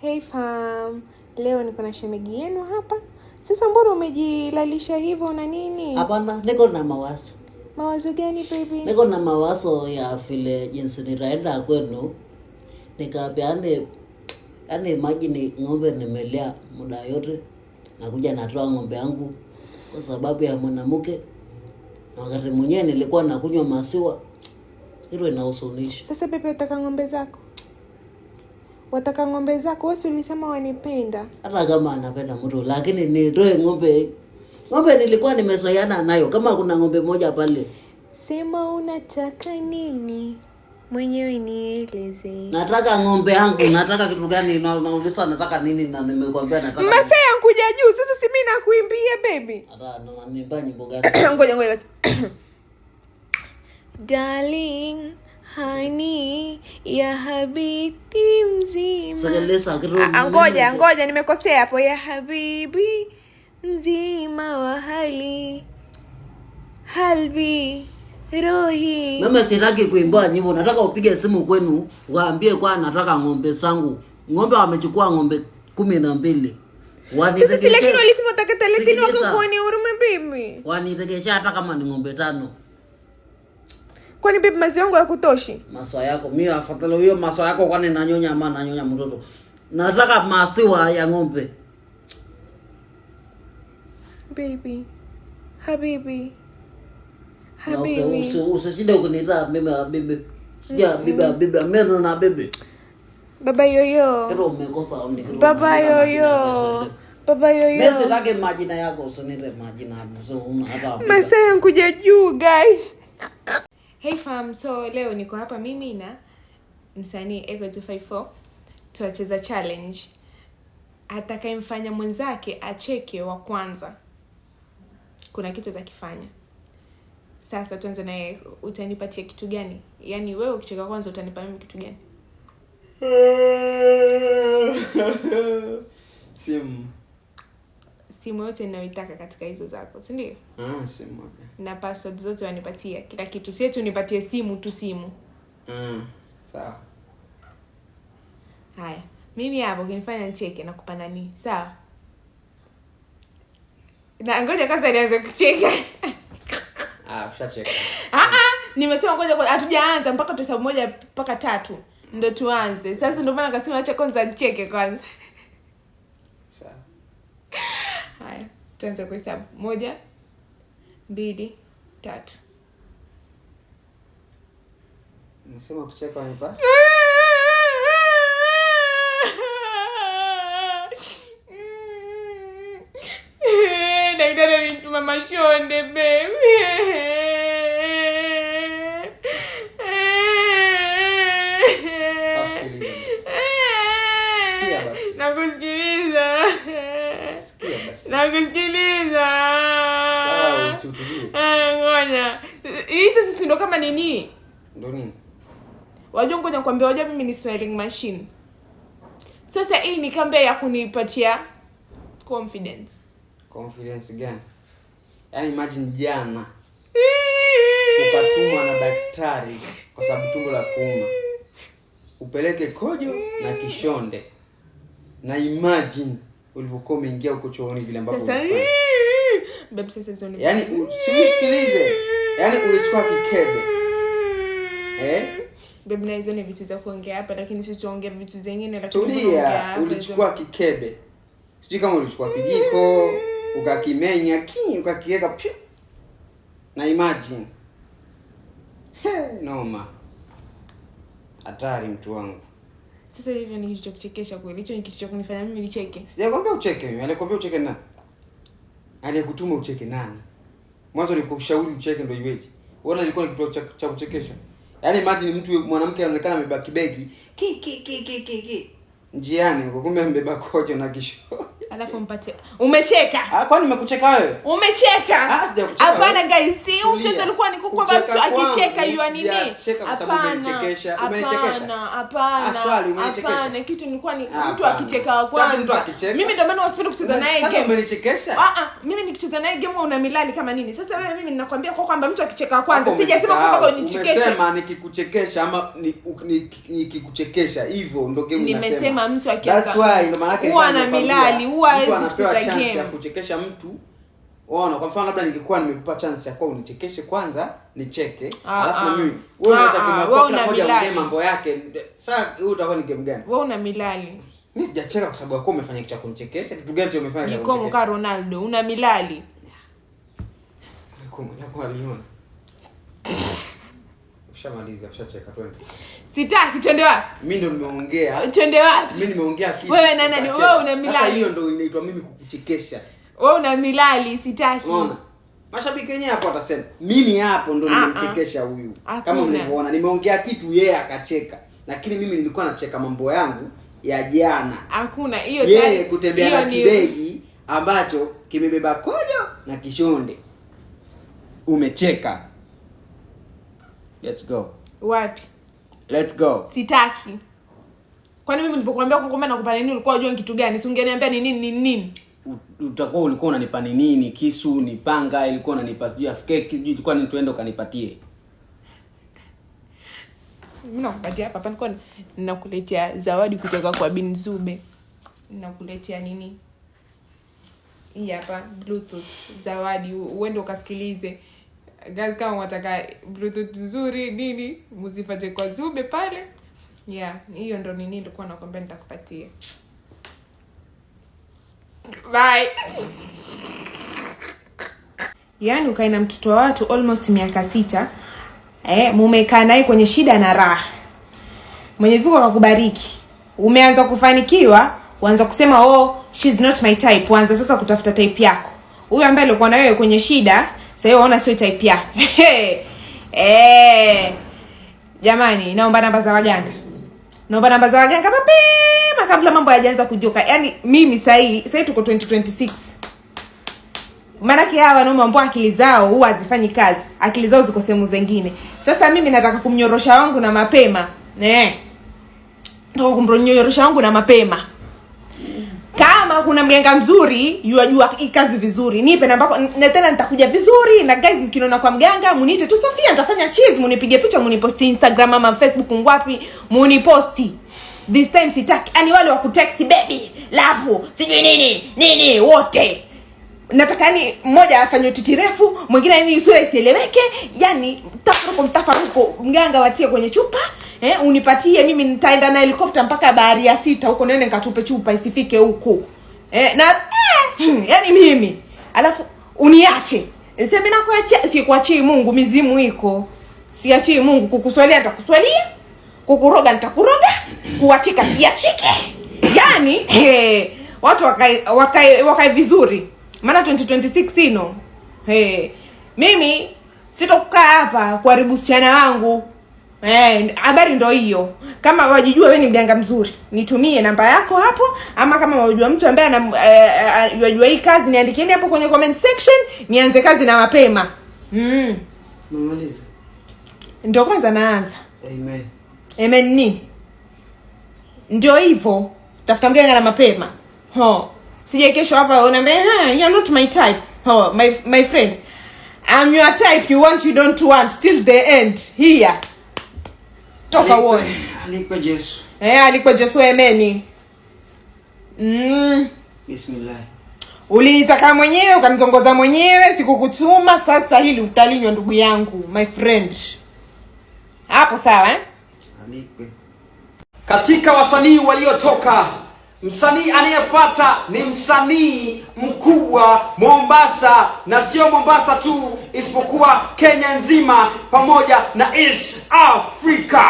Hey fam, leo niko na shemeji yenu hapa. Sasa mbona umejilalisha hivyo na nini? Hapana, niko na mawazo. Mawazo gani baby? Niko na mawazo ya vile jinsi nitaenda kwenu ande yaani, yaani maji imagine ng'ombe nimelea muda yote, nakuja natoa ng'ombe yangu kwa sababu ya mwanamke, na wakati mwenyewe nilikuwa nakunywa maziwa, hilo inahusunisha. Sasa baby, utaka ng'ombe zako wataka ng'ombe zako wewe, ulisema wanipenda. Hata kama anapenda mtu, lakini nitoe ng'ombe. Ng'ombe nilikuwa nimezoeana nayo, kama kuna ng'ombe moja pale. Sema unataka nini mwenyewe nieleze. Nataka ng'ombe yangu, nataka kitu gani? Na nataka nini, na nimekuambia nataka masa yankuja juu. Sasa si mimi nakuimbia baby, hata nyimbo gani? Ngoja ngoja basi, darling hani ya habiti mzima. Ah, ah, ngoja nimekosea hapo. Ya habibi mzima wa hali halbi rohi. Mimi sitaki kuimba nyimbo, nataka upige simu kwenu waambie kwa nataka ng'ombe zangu. Ng'ombe wamechukua ng'ombe kumi na mbili sisi, lakini walisema takatale thelathini. hata kama ni ng'ombe tano. Kwani bibi maziwa yangu yakutoshi Maziwa yako mimi afadhali hiyo maziwa yako, kwani nanyonya ama nanyonya mtoto? Nataka masiwa ya ng'ombe. bibi Habibi. Habibi. Usishinde ukiniita mimi habibi. Sija bibi habibi, mimi na bibi. Baba yoyo. Kero umekosa au Baba yoyo. Baba yoyo. Mimi sitaki majina yako, usiniite majina hapo. So una hata. yangu ya juu guys. Hey fam, so leo niko hapa mimi na msanii Eko254 tuacheza challenge. Atakayemfanya mwenzake acheke wa kwanza, kuna kitu atakifanya. Sasa tuanze naye, utanipatia kitu gani? Yaani wewe ukicheka kwanza utanipa mimi kitu gani? Simu simu yote ninayoitaka katika hizo zako, si ndio? Ah, na password zote wanipatia kila kitu, sie eti simu tu simu. Mm, sawa. Haya, mimi hapo ukinifanya ncheke na kupa sawa? Na ngoja kwanza nianze kucheka. Ah, ah, nimesema ngoja kwanza, hatujaanza mpaka tuhesabu moja mpaka tatu ndo tuanze. Sasa ndio maana kasema acha kwanza ncheke kwanza. Sawa. Haya, tuanze kuhesabu: moja, mbili, tatu. Nasema kucheka hapa. idara alituma mashonde bebe Nakusikiliza. Eh, ngoja. Hii sasa sindo kama nini? Ndo nini? Wajua ngoja nikwambia, waja mimi ni swearing machine. Sasa hii ni kambe ya kunipatia confidence. Confidence gani? Yaani imagine jana ukatumwa na daktari kwa sababu tumbo la kuuma, upeleke kojo na kishonde na imagine ulivyokuwa umeingia huko chooni vile ambavyo yani, usikilize, yani ulichukua kikebe eh babe, na hizo ni vitu za kuongea hapa, lakini si tuongea vitu zingine, lakini tulia. Ulichukua kikebe, sijui kama ulichukua kijiko ukakimenya kii ukakiweka pyu, na imagine, he noma, hatari mtu wangu. Sasa hivyo ni kitu cha kuchekesha kweli. Hicho ni kitu cha kunifanya mimi nicheke. Sijakwambia ucheke mimi. Alikwambia ucheke nani? Aliyekutuma ucheke nani? Mwanzo ni kushauri ucheke ndio iweje? Wala ilikuwa ni kitu cha kuchekesha. Yaani Mati ni mtu mwanamke anaonekana amebaki begi ki ki ki ki ki. Njiani huko kumbe amebeba kojo na kisho alafu mpate Umecheka? Ah, kwani nimekucheka wewe? Umecheka? Ah, hapana guys, si mchezo ulikuwa ni kukua mtu akicheka yua nini? Hapana. Hapana. Ah, hapana. hapana Kitu nilikuwa ni ah, mtu akicheka wa kwanza. mtu akicheka Mimi ndio maana wasipendi kucheza naye game. Sasa umenichekesha? Ah ah, mimi nikicheza naye game una milali kama nini? Sasa wewe mimi ninakwambia kwa kwamba mtu akicheka wa kwanza. Sijasema kwamba kwa unichekesha Nimesema nikikuchekesha ama nikikuchekesha. Hivyo ndio game unasema. Nimesema mtu akicheka. That's why ndio maana yake. Huwa na milali huwa kuchekesha mtu. Ona, kwa mfano labda ningekuwa nimekupa chance ya kuwa unichekeshe kwanza, nicheke, alafu mimi wewe unataka kuna moja ongee mambo yake. saa huyu utakuwa ni game gani? Wewe una milali. Mimi sijacheka kwa sababu yako umefanya kitu cha kunichekesha Kitu gani cha umefanya? Niko mka Ronaldo, una milali. Niko mka Ronaldo. Ushamaliza, ushacheka twende. Sitaki, twende wapi? Mimi ndo nimeongea. Twende wapi? Mimi nimeongea kitu. Wewe na nani? Wewe una milali. hiyo ndo inaitwa mimi kukuchekesha. Wewe una milali, sitaki. Unaona? Mashabiki wenyewe hapo atasema Mimi hapo ndo ah, ah. nimemchekesha huyu. Kama unavyoona, nimeongea kitu yeye akacheka. Lakini mimi nilikuwa nacheka mambo yangu ya jana. Hakuna hiyo tayari. Yeye kutembea na kibegi ambacho kimebeba kojo na kishonde. Umecheka. Let's go. Wapi? Let's go. Sitaki. Kwani mimi nilivyokuambia kwamba nakupa nini ulikuwa unajua kitu gani? Si ungeniambia ni nini ni nini? Utakuwa ulikuwa unanipa ni nini? Kisu, ni panga, ilikuwa unanipa sijui half cake, sijui ilikuwa ni tuende ukanipatie. Mimi nakupatia hapa hapa nilikuwa ninakuletea zawadi kutoka kwa Bin Zube. Ninakuletea nini? Hii hapa Bluetooth zawadi, uende ukasikilize guys, kama wataka bluetooth nzuri nini, muzipate kwa Zube pale. Yeah, hiyo ndo nini nilikuwa nakwambia nitakupatia. Bye. Yaani ukae na mtoto wa watu almost miaka sita eh, mumekaa naye kwenye shida na raha, Mwenyezi Mungu akakubariki, umeanza kufanikiwa, uanza kusema oh, she's not my type, uanza sasa kutafuta type yako, huyo ambaye alikuwa na wewe kwenye shida sasa hiyo unaona sio type ya Eh. Jamani, naomba namba za waganga. Naomba namba za waganga mapema kabla mambo hayajaanza kujoka. Yaani mimi sasa hii sasa tuko 2026. Maanake hawa wanaume ambao akili zao huwa hazifanyi kazi, akili zao ziko sehemu zingine. Sasa mimi nataka kumnyorosha wangu na mapema. Eh. Nataka kumnyorosha wangu na mapema. Kama kuna mganga mzuri yuajua hii kazi vizuri, nipe namba na tena nitakuja vizuri. Na guys, mkinona kwa mganga muniite tu Sofia, nitafanya cheese, munipige picha, muniposti Instagram ama Facebook, ngwapi muniposti. This time sitaki yani wale wa kutext baby sijui nini nini wote nataka yani, mmoja afanywe titi refu, mwingine yani sura isieleweke, yani mtafaruko mtafaruko, mganga watie kwenye chupa eh, unipatie mimi, nitaenda na helikopta mpaka bahari ya sita huko, nene nikatupe chupa isifike huku eh, na eh, yani mimi alafu uniache semina kuachia, sikuachii Mungu, mizimu iko, siachii Mungu. Kukuswalia nitakuswalia, kukuroga nitakuroga, kuachika siachike. Yani eh, watu wakae wakae wakae vizuri, maana 2026 ino eh, mimi sitokukaa hapa kuharibu usichana wangu. Eh, habari eh, ndo hiyo. Kama wajijua we ni mganga mzuri, nitumie namba yako hapo, ama kama wajua mtu ambaye anajua eh, eh, hii kazi, niandikieni hapo kwenye comment section, nianze kazi na mapema. Mm. Mmaliza. Ndio kwanza naanza. Amen. Amen ni. Ndio hivyo. Tafuta mganga na mapema. Ho. Sije kesho hapa unaambia, you're not my type." Ho, my my friend. I'm your type, you want, you don't want, till the end. Here. Toka uone. Alikuwa Jesu. Eh, alikuwa Jesu emeni. Mm. Bismillah. Ulinitaka mwenyewe ukanitongoza mwenyewe, sikukutuma. Sasa hili utalinywa, ndugu yangu, my friend. Hapo sawa eh? Alikuwa. Katika wasanii waliotoka Msanii anayefuata ni msanii mkubwa Mombasa, na sio Mombasa tu, isipokuwa Kenya nzima pamoja na East Africa.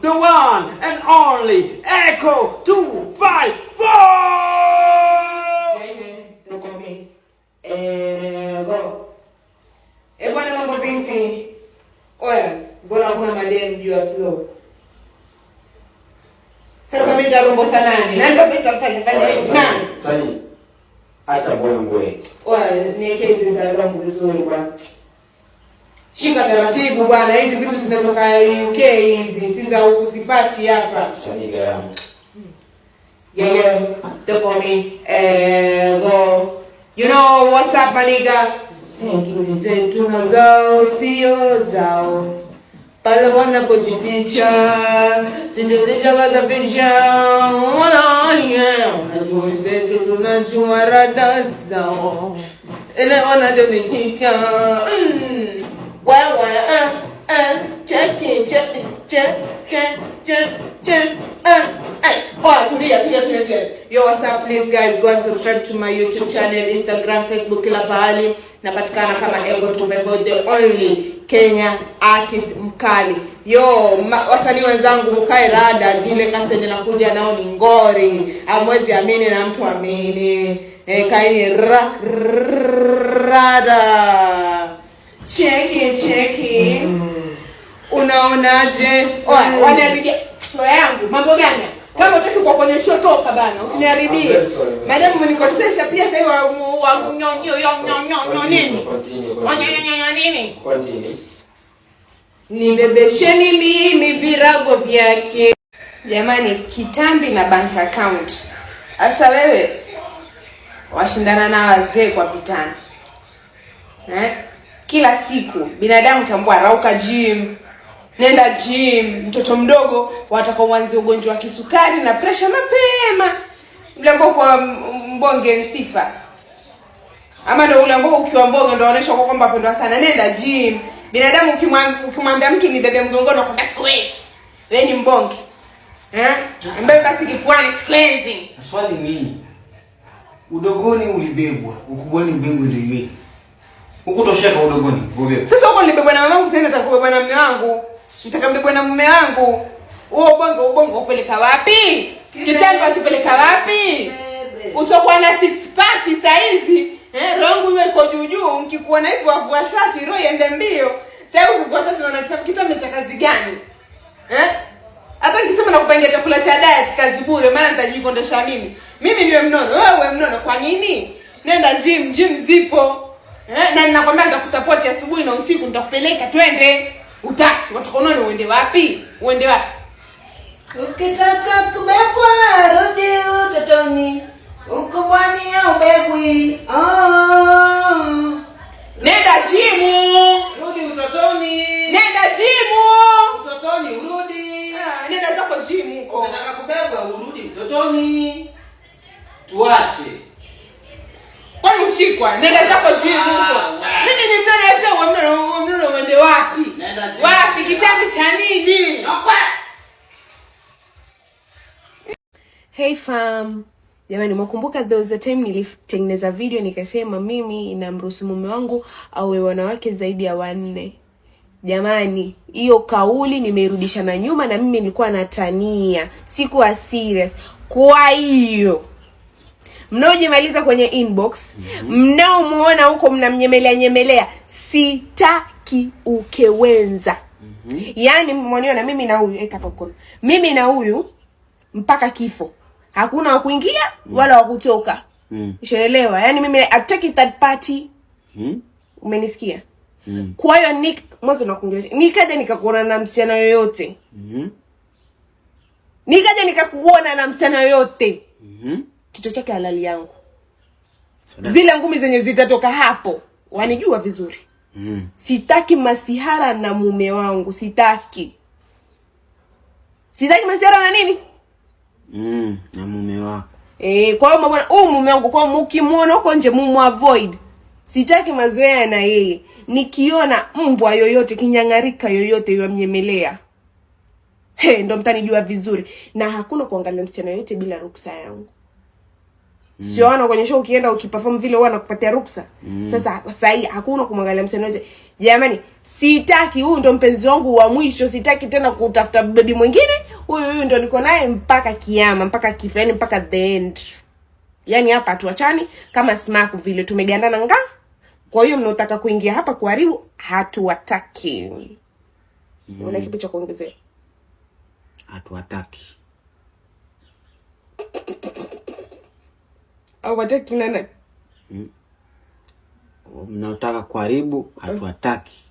The one and only Echo 254. Eh, mambo vipi? Oya, mbona kuna madeni juu ya flow? Sasa mimi ndarombo sana nani? na ndio pita mfanye fanye nani? Sasa acha bwana ngwe. ni kesi za zangu vizuri bwana. Shika taratibu bwana, hizi vitu zinatoka UK hizi, si za uzipati hapa. Shaniga yangu. Yeah, yeah, don't call me. Eh, go. You know what's up, my nigga? Zetu ni zetu na zao sio zao. Palawana podźwignięcia, zindeleżała zapięcia, ona je, dwójce tutuna czuła rada za Ile ona do mnie pika, ła mm. ła, a, check czekin, check, check, check, check, a, Yo, what's up please guys, go and subscribe to my YouTube channel, Instagram, Facebook, kila pahali. Napatikana kama Ego 254 the only Kenya artist mkali. Yo, wasanii wenzangu mkae rada, jile kasi yenye nakuja nao ni ngori. Amwezi amini na mtu amini. E, eh, kaini ra, rada. Cheki, cheki. Mm-hmm. Unaonaje? Oa, mm. waniambia, swa yangu, mambo gani? Kama utaki kwa kwenye show toka bana, usiniharibie. Ah, Madam umenikosesha pia sasa hiyo wa nyonyo nyonyo nini? Nyonyo nini? Nibebesheni mimi virago vyake. Jamani, kitambi na bank account. Asa wewe washindana na wazee kwa vitani. Eh? Kila siku binadamu kiambua rauka gym, nenda gym. Mtoto mdogo watakaoanzia ugonjwa wa kisukari na pressure mapema, ule ambao kwa mbonge nsifa ama ndio ule ambao ukiwa mbonge ndio unaonyesha kwa kwamba pendwa sana, nenda gym. Binadamu ukimwambia mtu ni bebe mgongoni, kwa nakwambia siwezi, wewe ni mbonge eh, ambaye basi kifuani siwezi. Swali ni udogoni ulibebwa, ukubwani mbegu ndio iwe huko, tosheka udogoni. Sasa huko nilibebwa na mamangu, sasa nitakubebwa na mume wangu. Nitakambia bwana mume wangu, huo ubongo ubongo upeleka wapi? Kitendo akipeleka wapi? Usokuwa na six pack saa hizi, eh, rongu iwe iko juu juu, mkikuona hivyo avua shati roho iende mbio. Sasa ukivua shati unaona kitabu kitabu cha kazi gani? Eh? Hata nikisema nakupangia chakula cha diet kazi bure, maana nitajikondesha mimi. Mimi niwe mnono, wewe uwe mnono kwa nini? Nenda gym, gym zipo. Eh, na ninakwambia nitakusupport asubuhi na usiku nitakupeleka twende. Utaki watakuona uende wapi? Uende wapi? Ukitaka kubebwa rudi utotoni. Uko bwani oh. Nenda jimu. Rudi utotoni. Nenda jimu. Utotoni urudi. Ah, nenda zako jimu huko. Unataka kubebwa urudi utotoni. Tuache. Kwani ushikwa? Nenda zako jimu huko. Hey fam, jamani, mwakumbuka there was a time nilitengeneza video nikasema mimi inamruhusu mume wangu awe wanawake zaidi ya wanne. Jamani, hiyo kauli nimeirudisha na nyuma, na mimi nilikuwa natania, sikuwa serious. Kwa hiyo mnaojimaliza kwenye inbox, mhm. mnaomuona huko mnamnyemelea nyemelea, sitaki ukewenza Hmm? Yaani mmeniona mimi na huyu eka eh, popcorn. Mimi na huyu mpaka kifo. Hakuna wa kuingia hmm, wala wa kutoka. Mm. Ushaelewa? Yaani mimi hataki third party. Mm. Umenisikia? Mm. Kwa hiyo ni mwanzo nakuongelesha. Nikaja nikakuona na msichana yoyote. Mm. Nikaja nikakuona na msichana yoyote. Mm. Kichwa chake halali yangu. Zile ngumi zenye zitatoka hapo wanijua vizuri mm. Sitaki masihara na mume wangu, sitaki sitaki masihara na nini mm, na mume wako Eh, Kwa hiyo mbona huyu mume wangu kwa mukimwona huko nje mumu avoid. Sitaki mazoea na yeye. Nikiona mbwa yoyote kinyang'arika yoyote yamnyemelea, he, ndo mtanijua vizuri, na hakuna kuangalia msichana yoyote bila ruksa yangu. Mm. Sio kwenye show ukienda ukiperform vile huwa anakupatia ruksa. Mm. Sasa sasa hii hakuna kumwangalia msanii wote. Jamani, sitaki huyu ndo mpenzi wangu wa mwisho, sitaki tena kutafuta bebi mwingine. Huyu huyu ndo niko naye mpaka kiama, mpaka kifo, yani mpaka the end. Yaani hapa tuachani kama smack vile tumegandana nga. Kwa hiyo mnaotaka kuingia hapa kuharibu hatuwataki. Mm. Una kipi cha kuongezea? Hatuwataki au wataki nana mm. mnaotaka kuharibu hatuwataki